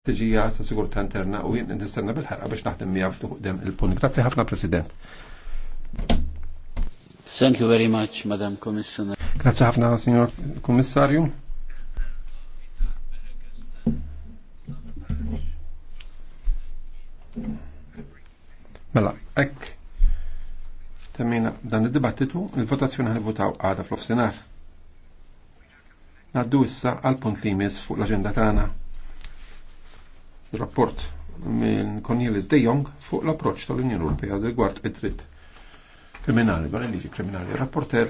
tiġija ta' sigurta interna u jien nistenna bil-ħarqa biex naħdem miegħu dem il-punt. Grazzi ħafna President. Thank you very much, Madam Commissioner. Grazzi ħafna, Signor Kommissarju. Mela, ek temmina dan id-dibattitu, il-votazzjoni ħal-votaw għada fl-ofsenar. Naddu issa għal-punt li jmiss fuq l-agenda tagħna rapport minn Cornelis de Jong fuq l-approċ tal-Unjoni Ewropea rigward id-dritt kriminali, barelli liġi kriminali. Rapporter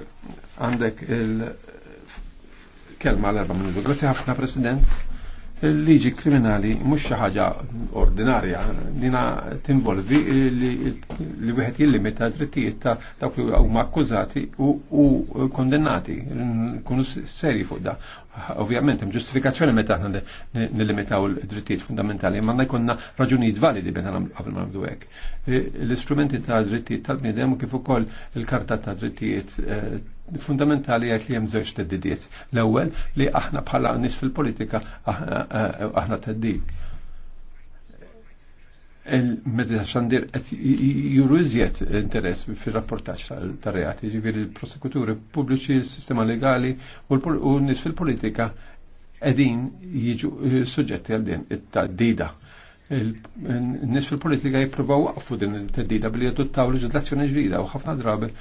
għandek il-kelma l-erba minuti. Grazie ħafna, President il-liġi kriminali mhux xi ħaġa ordinarja, dina tinvolvi li wieħed jillimita drittijiet ta' dawk li huma akkużati u kondennati, nkunu seri fuq da. Ovvjament hemm ġustifikazzjoni meta aħna nillimitaw id drittijiet fundamentali, imma jkollna raġunijiet validi bejn qabel ma nagħmlu hekk. E, l-istrumenti ta' drittijiet tal-bniedem kif ukoll il-karta ta' drittijiet e, fundamentali għajt li hemm żewġ teddidiet. L-ewwel li aħna bħala nis fil-politika aħna teddid. Il-mezzi xandir qed juru iżjed interess fir-rapportaġġ tar-reati, ġifieri il prosekuturi pubbliċi, s-sistema legali u nis fil-politika qegħdin jiġu suġġetti għal din it-taddida n-nis fil-politika jippruvaw waqfu din il-teddida billi jadottaw leġislazzjoni ġdida u ħafna drabi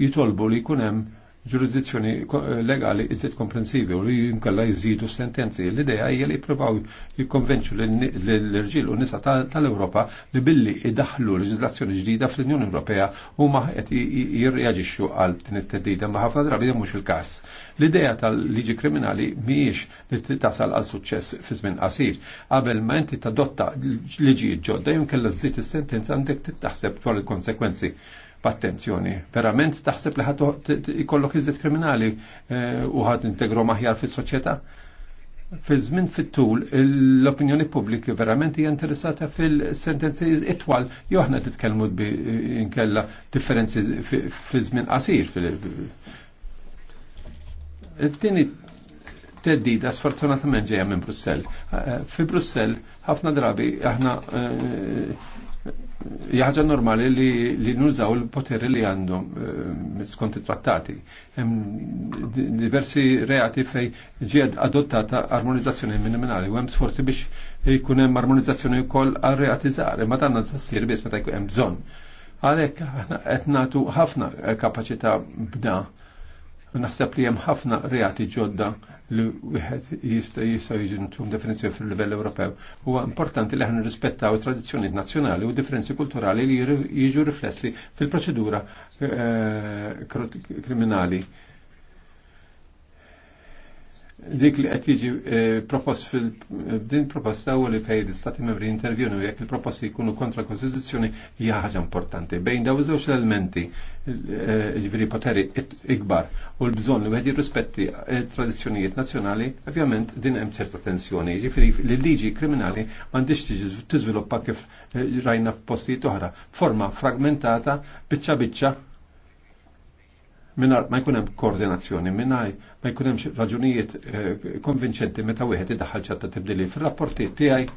jitolbu li jkun hemm ġurisdizzjoni eh, legali iżid komprensivi u li jinkalla jżidu sentenzi. L-ideja hija li jippruvaw jikkonvenċu l-irġiel u nisa tal-Ewropa li billi idaħlu leġislazzjoni ġdida fl-Unjoni Ewropea u ma qed jirreaġixxu għal din it-teddida ma ħafna drabi mhux il-każ. L-ideja tal-liġi kriminali mhijiex li tasal għal suċċess fi żmien qasir. Qabel ma inti tadotta liġi ġodda jumkella żid is-sentenza għandek tittaħseb dwar il-konsekwenzi b'attenzjoni. Verament taħseb li ħadd ikollok iżjed kriminali eh, u ħadd integru maħjar fis-soċjetà? Fi żmien fit-tul l-opinjoni pubbliki verament hija interessata fil-sentenzi itwal jew aħna titkellmu inkella differenzi fi żmien qasir fil- Tini teddida sfortunatament ġejja minn Brussell. Eh, fi Brussell ħafna drabi aħna eh, jaħġa normali li, li nużaw il-poteri li għandhom eh, skont trattati Hemm diversi reati fej ġied adottata armonizzazzjoni minimali u hemm sforzi biex jkun hemm armonizzazzjoni wkoll għal reati żgħar, ma tanna tsassir biss meta jkun hemm bżonn. Għalhekk aħna qed ħafna kapaċità b'da Naħseb li hemm ħafna reati ġodda li wieħed jista' jista' jiġintum definizzjoni fil-livell Ewropew. Huwa importanti li aħna it tradizzjonijiet nazzjonali u differenzi kulturali li jiġu riflessi fil-proċedura eh, kriminali dik li qed jiġi eh, propost fil-din proposta u li fejn l-istati membri intervjunu jekk il-proposti jkunu kontra l-Kostituzzjoni hija ħaġa importanti. Bejn daw żewġ elementi eh, ġifieri poteri ikbar u l-bżonn li wieħed jirrispetti eh, tradizzjonijiet nazzjonali, ovvjament din hemm ċerta tensjoni. Ġifieri li liġi kriminali m'għandix tiġi tiżviluppa kif rajna f'postijiet oħra, forma fragmentata biċċa biċċa minar ma jkun hemm koordinazzjoni, minar ma jkun hemm raġunijiet eh, konvinċenti meta wieħed iddaħħal ċatta tibdili. Fir-rapporti tiegħi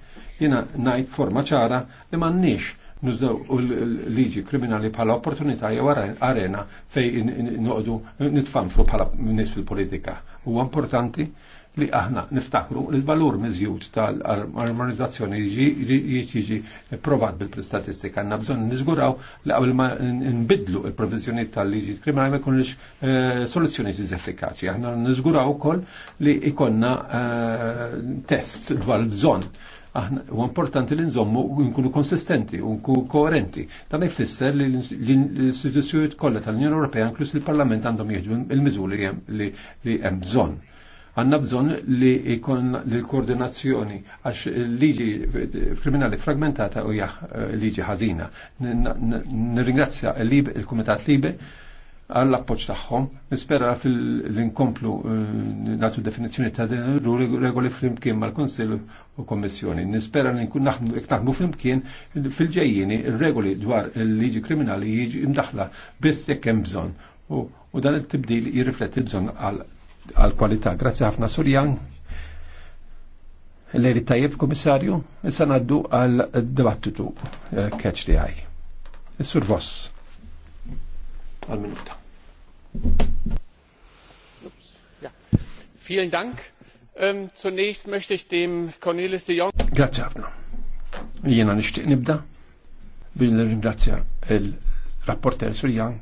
jiena ngħid forma ċara li m'għandniex nużaw l-liġi kriminali bħala opportunità jew arena fej noqdu nitfanflu bħala nis fil-politika. Huwa importanti li aħna niftakru li l-valur miżjud tal-armonizzazzjoni jiġi provat bil-statistika. Għanna bżon nizguraw li qabel ma nbidlu il-provizjoni tal-liġi kriminali ma jkunx eh, soluzzjoni effikaċi. Aħna nizguraw ukoll li ikonna eh, test dwar bżon aħna u importanti li nżommu nkunu konsistenti u nkunu koerenti. Dan jfisser li l-istituzzjonijiet kollha tal-Unjoni Ewropea inkluż il-Parlament għandhom jieħdu il-miżuri li hemm bżonn Għanna bżon li jkun l-koordinazzjoni għax liġi kriminali fragmentata u jah eh, liġi ħażina. Nirringrazzja il-Kumitat Libe għall appoġġ tagħhom, nispera fil-inkomplu eh, natu definizzjoni ta' regoli flimkien mal-Konsill u Kommissjoni. Nispera li nkun naħdmu flimkien fil-ġejjieni ir-regoli dwar il-liġi kriminali jiġi imdaħla biss jekk hemm bżonn. U dan il-tibdil jirrifletti bżonn għal għal kwalità. Grazzi ħafna Surjan. Lejli tajjeb, komissarju, issa naddu għal dibattitu eh, catch the eye. Is-sur Voss. Għal minuta. Vielen Dank. Um, zunächst möchte ich dem Cornelis de Jong. Grazie ħafna. Jena nishtiq nibda bil ringrazzja il-rapporter Surjan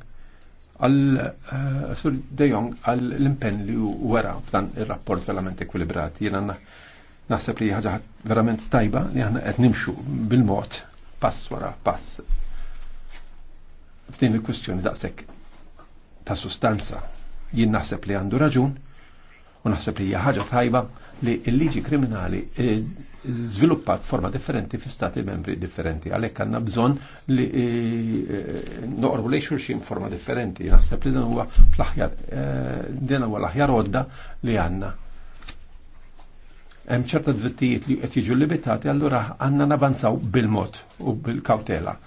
għal eh, Sur De Jong għal l-impenn li wara f'dan ir-rapport verament ekwilibrat. Jiena naħseb li ħagħa verament tajba li aħna qed nimxu bil-mod pass wara pass f'din il-kwestjoni daqshekk ta' sustanza. Jien naħseb li għandu raġun U naħseb li hija ħaġa tajba li l-liġi kriminali eh, żviluppat forma differenti fi stati membri differenti. Għalhekk għandna bżonn li eh, noqru li xurxin forma differenti. Naħseb li dan huwa fl-aħjar eh, din huwa l-aħjar għodda li għandna. Hemm ċerta drittijiet li qed jiġu limitati, allura għandna nabanzaw bil-mod u bil-kawtela.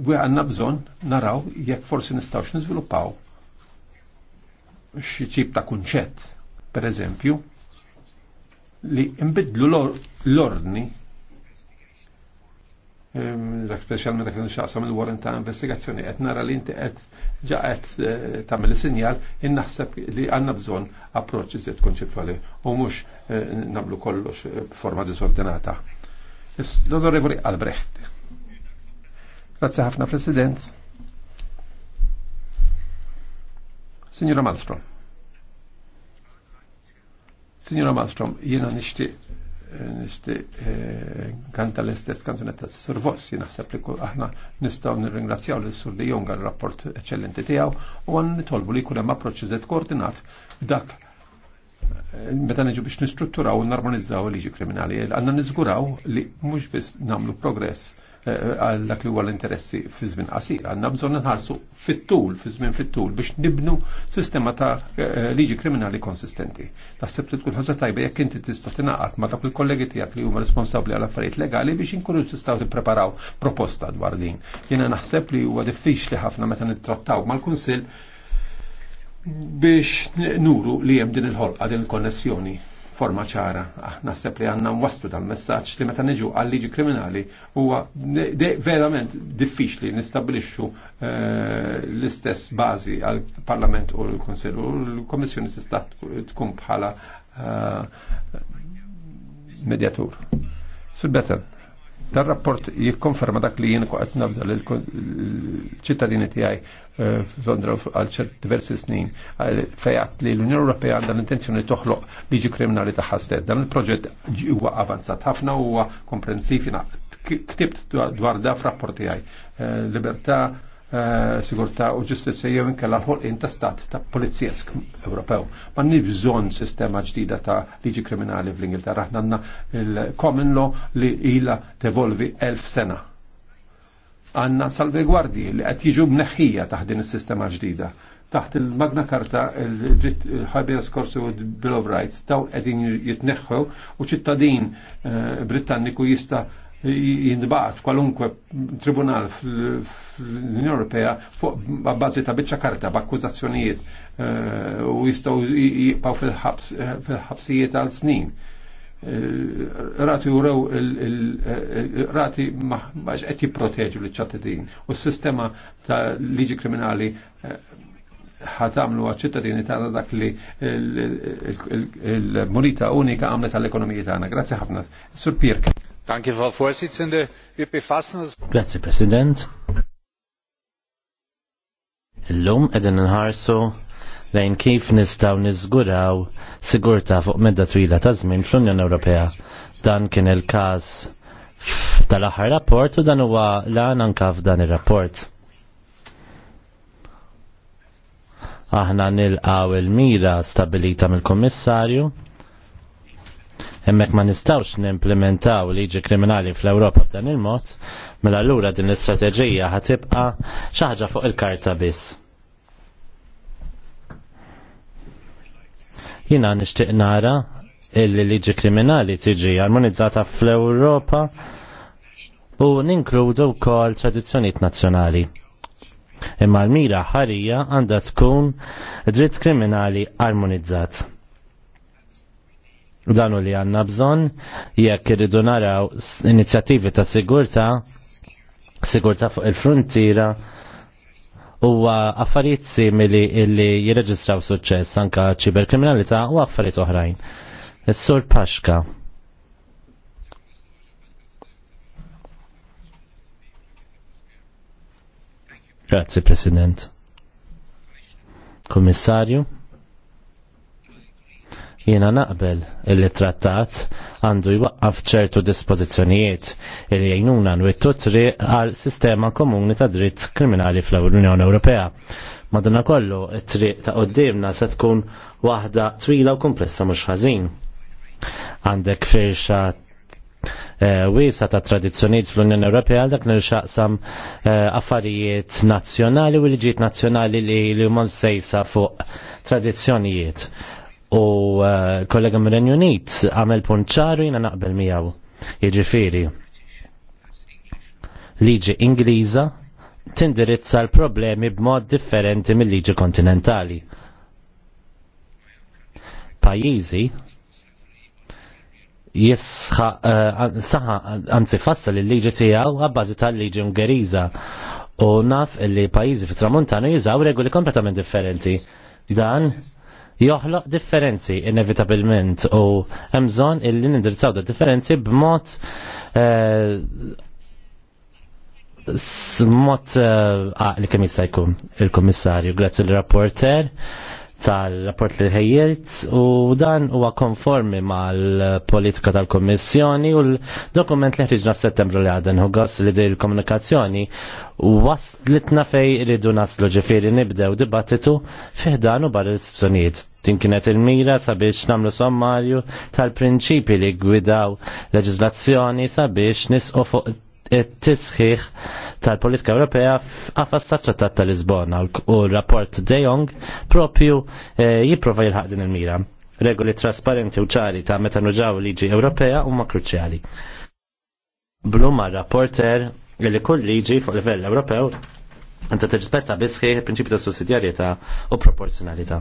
Għanna bżon naraw jekk forsi nistawx niżviluppaw xi tip ta' kunċett, per eżempju, li imbidlu l-ordni dak specialment dak nxaqsam il-warren ta' investigazzjoni qed nara li inti qed ġa qed eh, tagħmel sinjal innaħseb li għandna bżonn approċċ żied konċettwali u mhux eh, nagħmlu kollox eh, b'forma disordinata. L-Onorevoli Albrecht. Grazie ħafna President. Signora Malmström. Signora Malmström, jiena nixti eh, nixti eh, kanta l-istess kanzunetta s Sur Voss, jiena s li aħna nistaw nir-ringrazzjaw l Sur De jonga l rapport eccellenti tijaw u għan nitolbu li jkun hemm approċċ koordinat dak meta neġu biex nistrutturaw u narmonizzaw liġi kriminali, għanna nizguraw li mux biex namlu progress eh, għal dak li huwa l-interessi fi żmien qasir. Għandna bżonn nħarsu fit-tul, fi żmien fit-tul biex nibnu sistema ta' eh, liġi kriminali konsistenti. Naħseb li tkun ħaġa tajba jekk inti tista' tingħaqad ma' dak il-kollegi tiegħek li huma responsabbli għal affarijiet legali biex inkunu tistgħu tippreparaw proposta dwar din. Jiena naħseb li huwa diffiċli ħafna meta nittrattaw mal-Kunsill biex nuru li hemm din il-ħolqa din il-konnessjoni forma ċara. Ah, nasib li għanna waslu dal-messaġġ li meta niġu għal-liġi kriminali huwa verament diffiċli nistabilixxu eh, l-istess bażi għal-Parlament u l konsilju u l komissjoni tista' tkun bħala eh, medjatur. Sul-betel. Dar rapport jikkonferma dak li jien qed nabżal il ċittadini tiegħi eh, f'Londra għal diversi snin fejat li l-Unjoni Ewropea għandha l-intenzjoni toħloq liġi kriminali tagħha stess. Dan il-proġett huwa avanzat ħafna huwa komprensiv ktibt dwar da f'rapporti għaj. Eh, libertà, Eh, sigurta u ġustizja jew inkella l-ħolqien ta' stat ta' polizjesk Ewropew. Ma nix bżonn sistema ġdida ta' liġi kriminali fl-Ingilterra. Aħna għandna il-common law li ilha tevolvi elf sena. Għandna salvegwardji li qed jiġu mneħħija taħt din is-sistema ġdida. Taħt il-Magna Karta, il-Habeas Corpus u Bill of Rights, daw qegħdin jitneħħu u ċittadin eh, Britanniku jista' jindbaħt kwalunkwe tribunal fl-Unjoni Ewropea fuq bazzi ta' bieċa karta b'akkużazzjonijiet u jistgħu jibqgħu fil-ħabsijiet għal snin. Rati urew rati maħġ qed jipproteġu l-ċattadin u s-sistema ta' liġi kriminali ħatamlu għal-ċittadini tagħna dak li l-munita unika għamlet għall-ekonomija tagħna. Grazzi ħafna. Sur Pirk. Danke, Grazie, President. Illum edin nħarsu lejn kif nistaw nizguraw sigurta fuq medda twila ta' żmien fl-Unjoni Ewropea. Dan kien il-każ tal-aħħar rapport u dan huwa lan anka f'dan ir-rapport. Aħna nilqaw il-mira stabilita mill-Kummissarju hemmhekk ma nistgħux nimplementaw liġi kriminali fl-Ewropa b'dan il-mod, mela allura din l-istrateġija ħatibqa' xaħġa fuq il-karta biss. Jiena nixtieq nara il-liġi kriminali tiġi armonizzata fl-Ewropa u ninkludu wkoll tradizzjonijiet nazzjonali imma l-mira ħarija għandha tkun dritt kriminali armonizzat. U danu li għanna bżon, jekk irridu naraw inizjattivi ta' sigurta, sigurta fuq il-frontiera, u affarijiet simili illi jirreġistraw suċċess anka ċiberkriminalità u affarijiet oħrajn. Is-Sur Paxka. Grazie President. Kommissarju. Jiena naqbel il-trattat għandu jwaqqaf ċertu dispożizzjonijiet il jgħinuna nwittu triq għal sistema komuni ta' dritt kriminali fl-Unjoni Ewropea. Madonna kollu, it-triq ta' qoddimna se tkun waħda twila u komplessa mhux ħażin. Għandek firxa eh, wisa ta' tradizjoniet fl-Unjoni Ewropea dak nirxaqsam eh, affarijiet nazzjonali u liġijiet nazzjonali li huma msejsa fuq tradizzjonijiet u eh, kollega mir-Renju Unit għamel punt ċari jina naqbel miegħu. Jiġifieri liġi Ingliża tindirizza l-problemi b'mod differenti mill-liġi kontinentali. Pajjiżi jisħa, uh, saħa, anzi fassa li liġi tijaw għabbażi tal-liġi ungeriza u naf li pajizi fit tramuntana jizaw regoli kompletament differenti. Dan joħloq differenzi inevitabilment u hemm bżonn illi nindirizzaw da differenzi b'mod mod aqli kemm jista' jkun il-Kummissarju, grazzi l-rapporter tal-rapport li ħejjiet u dan huwa konformi mal-politika tal-Kommissjoni u l-dokument li ħriġna f'Settembru li għadden u għas li dir komunikazzjoni u waslitna fej irridu naslu ġifiri nibdew dibattitu fiħdan u bar l-istituzzjonijiet. Din kienet il-mira sabiex namlu sommarju tal-prinċipi li gwidaw leġizlazzjoni sabiex nisqofu fuq tisħiħ tal-politika Ewropea f'qafas tat-Trattat tal-Lisbona u l-rapport De Jong propju eh, jipprova jilħaq din il-mira. Regoli trasparenti u ċari ta' meta nuġaw liġi Ewropea huma kruċjali. Bluma rapporter li kull liġi fuq livell Ewropew Anta tirrispetta bisħi il-prinċipju ta' sussidjarjetà u proporzjonalità.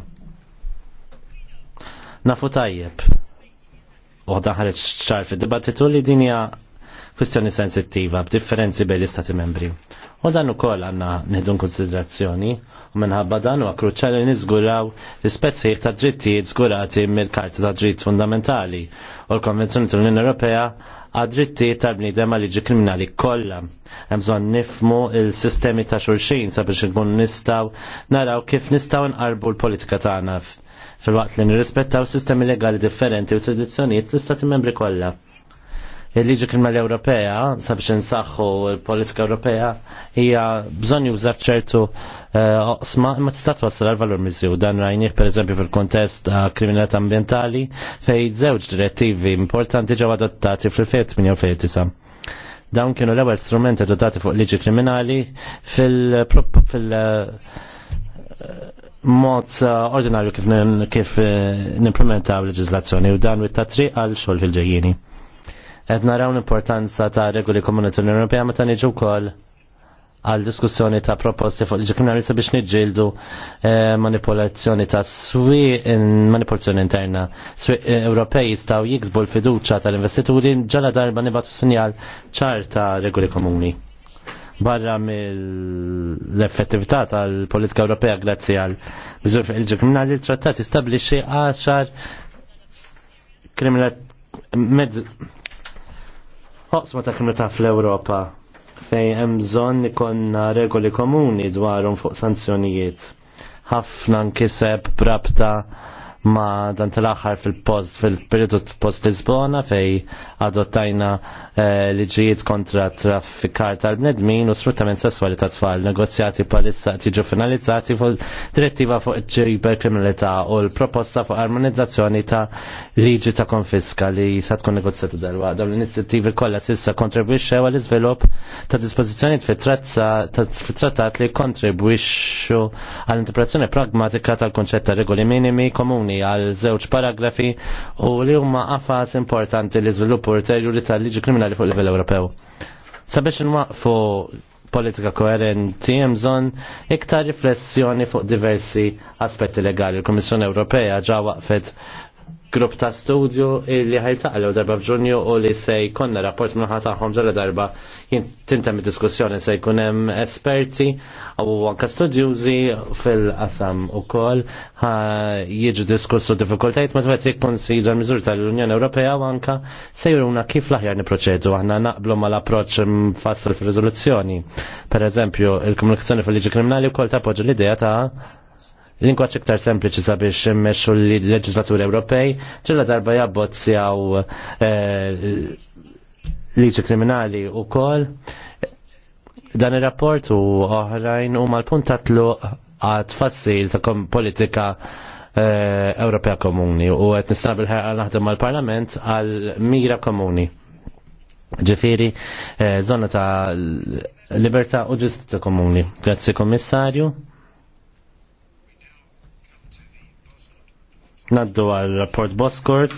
Nafu tajjeb. U ħareġ ċar fid-dibattitu li dinja kwistjoni sensittiva b'differenzi bejn l-istati membri. U dan ukoll għandna nieħdu konsiderazzjoni u minħabba dan huwa kruċjali niżguraw l ispezzijiet ta' drittijiet żgurati mill-Karta ta' Dritt Fundamentali u l-Konvenzjoni tal-Unjoni Ewropea għad-drittijiet tal-bniedem għal-liġi kriminali kollha. Hemm bżonn nifmu il-sistemi ta' xulxin sabiex nkun nistgħu naraw kif nistgħu nqarbu l-politika tagħna fil-waqt li nirrispettaw sistemi legali differenti u tradizzjonijiet l-istati membri kollha il-liġi kriminali Ewropea, sabiex insaħħu il-politika Ewropea, hija bżonn jużar ċertu eh, oqsma ma tista' twassal għal-valur miżju. Dan rajnieh pereżempju fil-kontest ta' kriminalità ambjentali fejn żewġ direttivi importanti ġew adottati fl-2008 Dawn kienu l-ewwel strumenti adottati fuq liġi kriminali fil- eh, mod ordinarju kif nimplementaw leġiżlazzjoni u dan wit tatri għal xogħol fil-ġejjieni. Ed naraw l-importanza ta' regoli komunitu l-Europea ma ta' niġu kol għal diskussjoni ta' proposti fuq il-ġurnalista biex nġildu eh, manipolazzjoni ta' swi manipolazzjoni interna. Swi eh, Ewropej jistaw jiksbu l-fiduċa tal-investituri ġala darba nibatu sinjal ċar ta' regoli komuni. Barra mill-effettività tal-politika Ewropea grazzi għal bizur fuq il-ġurnali il-trattat xie 10 kriminal oqsma ta' kriminalità fl-Ewropa fejn hemm bżonn ikonna regoli komuni dwarhom fuq sanzjonijiet. Ħafna nkiseb brabta ma dan tal-axar fil-post, fil-periodu post Lisbona fej adottajna eh, liġijiet kontra traffikar tal-bnedmin u sfruttament sessuali ta' tfal, negozjati palissa tiġu finalizzati fuq direttiva fuq ġiber kriminalità u l-proposta fuq armonizzazzjoni ta' liġi ta' konfiska li sa' tkun negozjati darba. wa Dawn l-inizjattivi kollha sissa kontribwixxu għal iżvilupp ta' dispożizzjoni fit-trattat li kontribwixxu għall-interpretazzjoni pragmatika tal-konċett ta' regoli minimi komuni għal żewġ paragrafi u li huma qafas importanti li żviluppu ulterjuri tal-liġi kriminali fuq livell Ewropew. Sabiex nwaqfu politika koerenti hemm bżonn iktar riflessjoni fuq diversi aspetti legali. Il-Kummissjoni Ewropea ġa waqfet grupp ta' studju li ħajtaqlew darba f'Ġunju u li se jkollna rapport minħa tagħhom ġala darba tintem diskussjoni se jkun hemm esperti u anke studjużi fil-qasam ukoll jiġu diskussu diffikultajiet ma twet jikkonsidra miżur tal-Unjoni Ewropea u anke se jiruna kif l-aħjar niproċedu aħna naqblu mal-approċċ mfassal fir-riżoluzzjoni. Pereżempju, il-komunikazzjoni fil-liġi kriminali wkoll tappoġġi l-idea ta' lingwaċ iktar sempliċi sabiex immexxu l-leġislaturi Ewropej ġilla darba jabbozzjaw eh, liġi kriminali u kol dan il-rapport u oħrajn u mal-punt tatlu għad fassil ta' politika eh, Ewropea Komuni u għet nistab il-ħeqa naħdem mal-Parlament għal mira komuni. Ġifiri, eh, zona ta' libertà u ġustizja komuni. Grazzi Kommissarju. Naddu għal rapport Boskort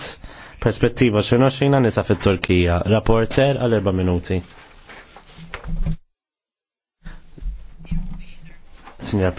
Perspettiva 2020 nisa fit-Turkija. Rapporter għal erba' minuti. Signor